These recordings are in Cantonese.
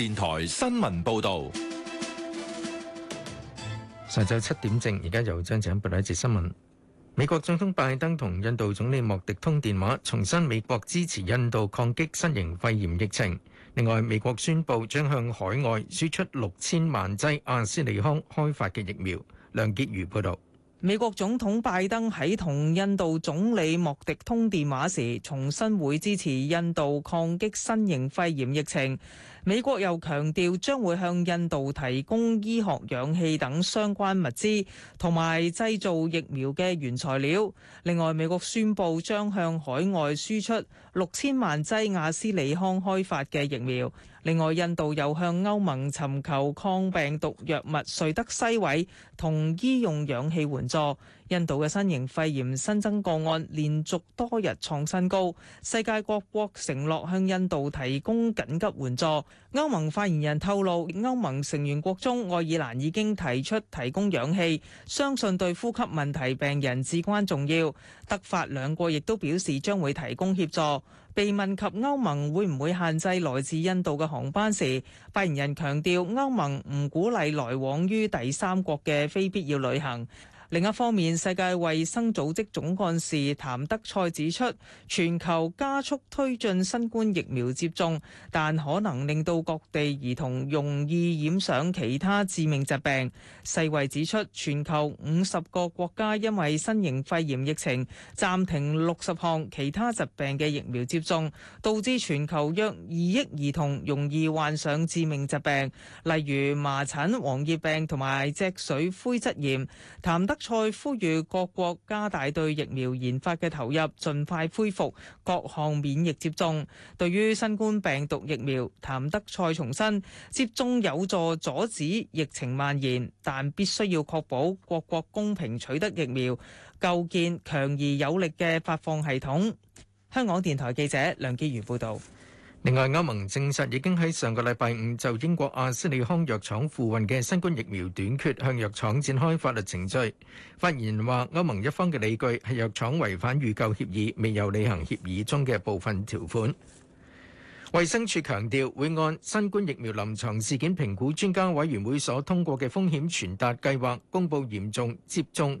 電台新聞報道，上晝七點正，而家由張靜報道一節新聞。美國總統拜登同印度總理莫迪通電話，重申美國支持印度抗擊新型肺炎疫情。另外，美國宣布將向海外輸出六千萬劑阿斯利康開發嘅疫苗。梁潔如報道。美國總統拜登喺同印度總理莫迪通電話時，重申會支持印度抗擊新型肺炎疫情。美國又強調將會向印度提供醫學氧氣等相關物資，同埋製造疫苗嘅原材料。另外，美國宣佈將向海外輸出六千萬劑亞斯利康開發嘅疫苗。另外，印度又向歐盟尋求抗病毒藥物瑞德西韋同醫用氧氣援助。印度嘅新型肺炎新增個案連續多日創新高，世界各國承諾向印度提供緊急援助。歐盟發言人透露，歐盟成員國中愛爾蘭已經提出提供氧氣，相信對呼吸問題病人至關重要。德法兩國亦都表示將會提供協助。被問及歐盟會唔會限制來自印度嘅航班時，發言人強調歐盟唔鼓勵來往於第三國嘅非必要旅行。另一方面，世界衛生組織總幹事譚德塞指出，全球加速推進新冠疫苗接種，但可能令到各地兒童容易染上其他致命疾病。世衛指出，全球五十個國家因為新型肺炎疫情暫停六十項其他疾病嘅疫苗接種，導致全球約二億兒童容易患上致命疾病，例如麻疹、黃熱病同埋脊髓灰質炎。譚德蔡呼籲各國加大對疫苗研發嘅投入，盡快恢復各項免疫接種。對於新冠病毒疫苗，譚德賽重申，接種有助阻止疫情蔓延，但必須要確保各國公平取得疫苗，構建強而有力嘅發放系統。香港電台記者梁潔如報道。另外，歐盟證實已經喺上個禮拜五就英國阿斯利康藥廠附運嘅新冠疫苗短缺向藥廠展開法律程序。發言人話，歐盟一方嘅理據係藥廠違反預購協議，未有履行協議中嘅部分條款。衛生署強調會按新冠疫苗臨床事件評估專家委員會所通過嘅風險傳達計劃公布嚴重接種。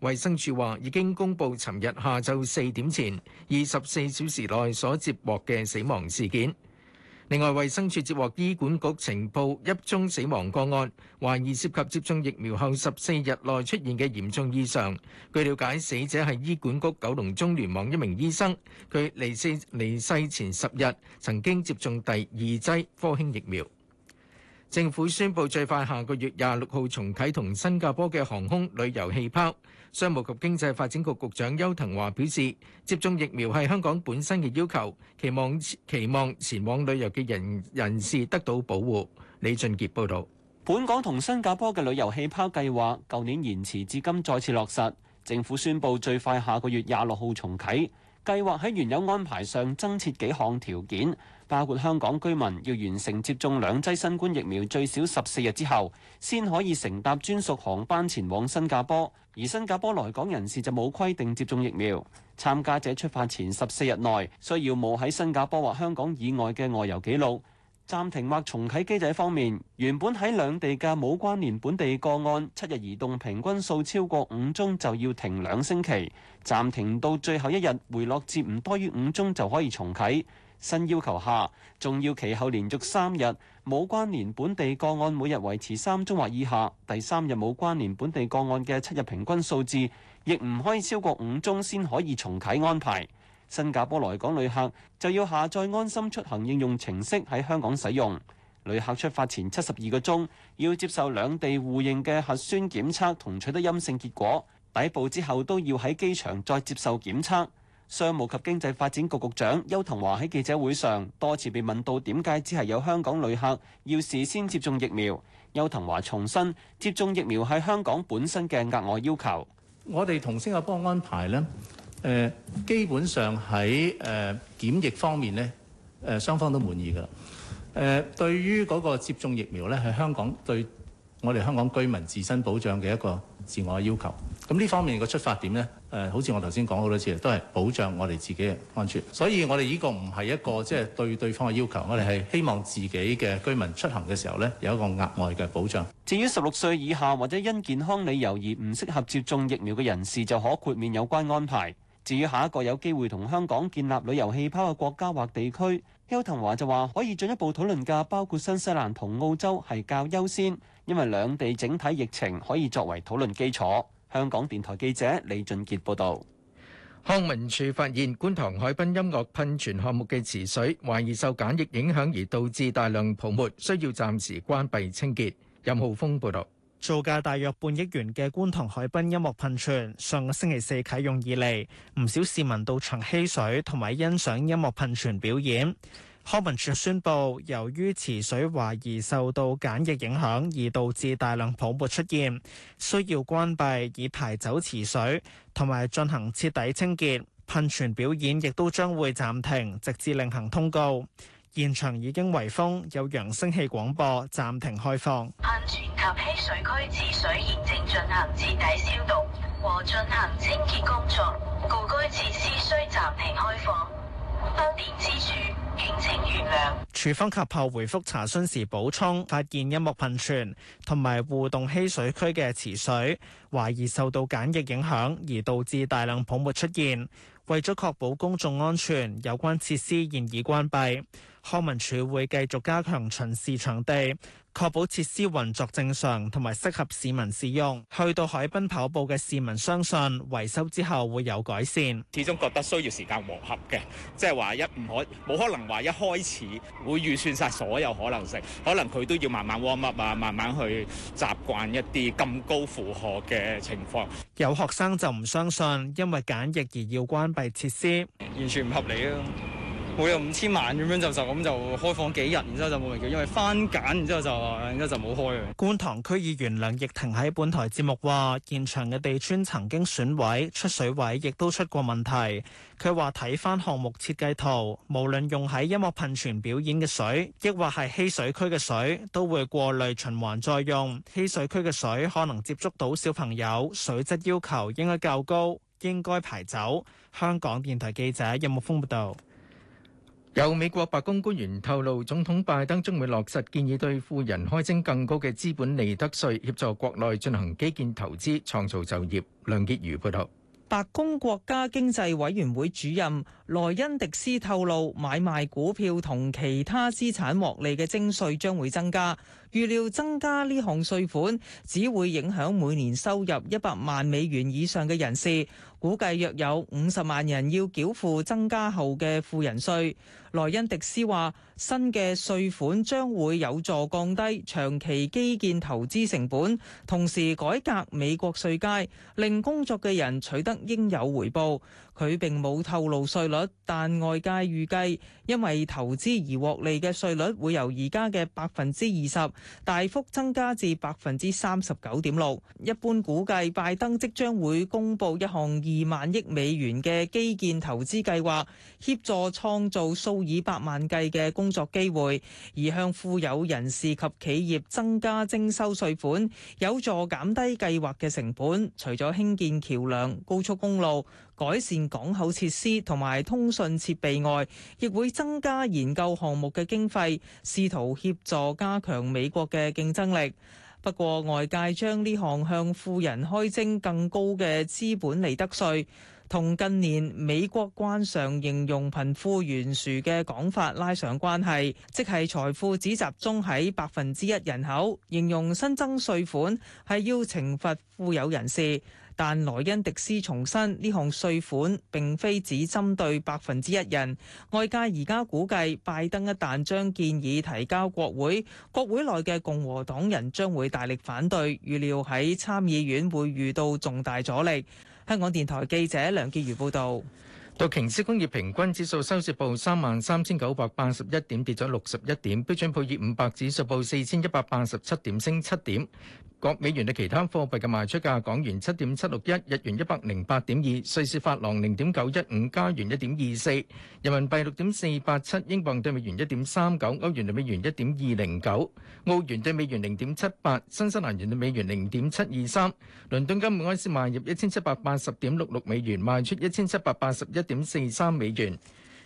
衛生署話已經公佈尋日下晝四點前二十四小時內所接獲嘅死亡事件。另外，衛生署接獲醫管局呈報一宗死亡個案，懷疑涉及接種疫苗後十四日內出現嘅嚴重異常。據了解，死者係醫管局九龍中聯網一名醫生，佢離世離世前十日曾經接種第二劑科興疫苗。政府宣布最快下個月廿六號重啟同新加坡嘅航空旅遊氣泡。商務及經濟發展局局長邱騰華表示，接種疫苗係香港本身嘅要求，期望期望前往旅遊嘅人人士得到保護。李俊傑報導，本港同新加坡嘅旅遊氣泡計劃，舊年延遲至今再次落實，政府宣布最快下個月廿六號重啟，計劃喺原有安排上增設幾項條件。包括香港居民要完成接種兩劑新冠疫苗最少十四日之後先可以乘搭專屬航班前往新加坡；而新加坡來港人士就冇規定接種疫苗。參加者出發前十四日內需要冇喺新加坡或香港以外嘅外遊記錄，暫停或重啟機制方面，原本喺兩地嘅冇關聯本地個案七日移動平均數超過五宗就要停兩星期，暫停到最後一日回落至唔多於五宗就可以重啟。新要求下，仲要其後連續三日冇關聯本地個案，每日維持三宗或以下；第三日冇關聯本地個案嘅七日平均數字，亦唔可以超過五宗，先可以重啟安排。新加坡來港旅客就要下載安心出行應用程式喺香港使用。旅客出發前七十二個鐘要接受兩地互認嘅核酸檢測同取得陰性結果，抵埗之後都要喺機場再接受檢測。商務及經濟發展局局長邱騰華喺記者會上多次被問到，點解只係有香港旅客要事先接種疫苗？邱騰華重申，接種疫苗係香港本身嘅額外要求。我哋同新加坡安排咧，誒，基本上喺誒檢疫方面咧，誒雙方都滿意噶。誒，對於嗰個接種疫苗咧，係香港對我哋香港居民自身保障嘅一個自我要求。咁呢方面嘅出發點呢，誒，好似我頭先講好多次，都係保障我哋自己嘅安全。所以我哋依個唔係一個即係對對方嘅要求，我哋係希望自己嘅居民出行嘅時候呢，有一個額外嘅保障。至於十六歲以下或者因健康理由而唔適合接種疫苗嘅人士，就可豁免有關安排。至於下一個有機會同香港建立旅遊氣泡嘅國家或地區，邱騰華就話可以進一步討論嘅，包括新西蘭同澳洲係較優先，因為兩地整體疫情可以作為討論基礎。香港電台記者李俊杰報道，康文署發現觀塘海濱音樂噴泉項目嘅池水懷疑受鹼液影響而導致大量泡沫，需要暫時關閉清潔。任浩峰報道，造價大約半億元嘅觀塘海濱音樂噴泉上個星期四啟用以嚟，唔少市民到場嬉水同埋欣賞音樂噴泉表演。康文署宣布，由於池水懷疑受到鹼液影響，而導致大量泡沫出現，需要關閉以排走池水，同埋進行徹底清潔。噴泉表演亦都將會暫停，直至另行通告。現場已經圍封，有揚聲器廣播暫停開放。噴泉及嬉水區池水現正進行徹底消毒和進行清潔工作，故該設施需暫停開放。多點之處。敬請原處方及後回覆查詢時補充，發現音樂噴泉同埋互動嬉水區嘅池水懷疑受到鹼嘅影響，而導致大量泡沫出現。為咗確保公眾安全，有關設施現已關閉。康文署會繼續加強巡視場地，確保設施運作正常同埋適合市民使用。去到海濱跑步嘅市民相信，維修之後會有改善。始終覺得需要時間磨合嘅，即係話一唔可，冇可能話一開始會預算晒所有可能性，可能佢都要慢慢 warm up 啊，慢慢去習慣一啲咁高負荷嘅情況。有學生就唔相信，因為簡易而要關閉設施，完全唔合理啊！每有五千萬咁樣就就咁就開放幾日，然之後就冇人叫，因為翻簡，然之後就，然之後就冇開。觀塘區議員梁奕婷喺本台節目話：現場嘅地磚曾經損毀，出水位亦都出過問題。佢話睇翻項目設計圖，無論用喺音樂噴泉表演嘅水，抑或係嬉水區嘅水，都會過濾循環再用。嬉水區嘅水可能接觸到小朋友，水質要求應該較高，應該排走。香港電台記者任木峯報道。有美國白宮官員透露，總統拜登將會落實建議，對富人開徵更高嘅資本利得稅，協助國內進行基建投資，創造就業。梁潔如報道，白宮國家經濟委員會主任萊恩迪斯透露，買賣股票同其他資產獲利嘅徵稅將會增加。預料增加呢項稅款只會影響每年收入一百萬美元以上嘅人士，估計約有五十萬人要繳付增加後嘅富人稅。萊恩迪斯話：新嘅稅款將會有助降低長期基建投資成本，同時改革美國稅階，令工作嘅人取得應有回報。佢並冇透露稅率，但外界預計因為投資而獲利嘅稅率會由而家嘅百分之二十大幅增加至百分之三十九點六。一般估計拜登即將會公布一項二萬億美元嘅基建投資計劃，協助創造數以百萬計嘅工作機會，而向富有人士及企業增加徵收稅款，有助減低計劃嘅成本。除咗興建橋樑、高速公路、改善港口設施同埋通訊設備外，亦會增加研究項目嘅經費，試圖協助加強美國嘅競爭力。不過外界將呢項向富人開徵更高嘅資本利得稅，同近年美國慣常形容貧富懸殊嘅講法拉上關係，即係財富只集中喺百分之一人口，形容新增稅款係要懲罰富有人士。但萊恩迪斯重申，呢項稅款並非只針對百分之一人。外界而家估計，拜登一旦將建議提交國會，國會內嘅共和黨人將會大力反對，預料喺參議院會遇到重大阻力。香港電台記者梁潔如報導。道瓊斯工業平均指數收市報三萬三千九百八十一點，跌咗六十一點。標準普爾五百指數報四千一百八十七點，升七點。各美元嘅其他貨幣嘅賣出價：港元七點七六一，日元一百零八點二，瑞士法郎零點九一五，加元一點二四，人民幣六點四八七，英鎊對美元一點三九，歐元對美元一點二零九，澳元對美元零點七八，新西蘭元對美元零點七二三。倫敦金每安士賣入一千七百八十點六六美元，賣出一千七百八十一點四三美元。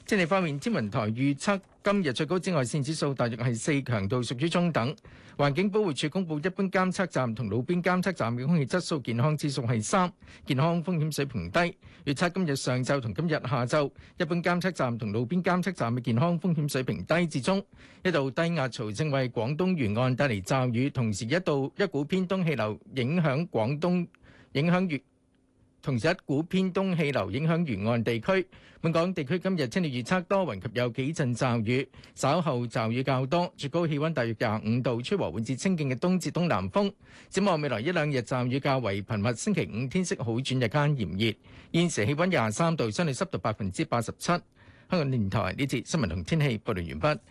天氣方面，天文台預測今日最高紫外線指數大約係四，強度屬於中等。環境保護署公布，一般監測站同路邊監測站嘅空氣質素健康指數係三，健康風險水平低。預測今日上晝同今日下晝，一般監測站同路邊監測站嘅健康風險水平低至中。一道低壓槽正為廣東沿岸帶嚟驟雨，同時一道一股偏東氣流影響廣東，影響粵。同時，一股偏東氣流影響沿岸地區。本港地區今日天氣預測多雲及有幾陣驟雨，稍後驟雨較多，最高氣溫大約廿五度，吹和緩至清勁嘅東至東南風。展望未來一兩日驟雨較為頻密，星期五天色好轉，日間炎熱。現時氣温廿三度，相對濕度百分之八十七。香港電台呢節新聞同天氣報道完畢。